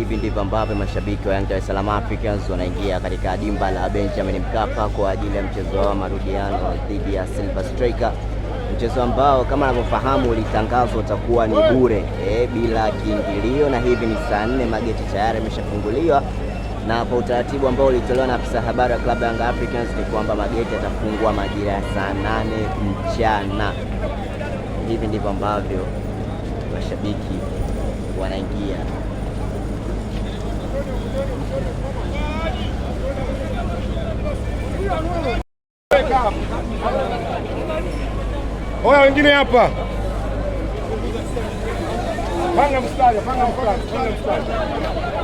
hivi ndivyo ambavyo mashabiki wa Yanga Dar es Salaam Africans wanaingia katika dimba la Benjamin Mkapa kwa ajili ya mchezo wao marudiano dhidi ya Silver Striker, mchezo ambao kama anavyofahamu ulitangazwa utakuwa ni bure eh, bila kiingilio, na hivi ni saa nne mageti tayari yameshafunguliwa na kwa utaratibu ambao ulitolewa na afisa habari wa klabu ya Yanga Africans ni kwamba mageti yatafungwa majira ya saa nane mchana. Hivi ndivyo ambavyo mashabiki wanaingia Oya wengine hapa. Panga mstari, panga mstari, panga mstari.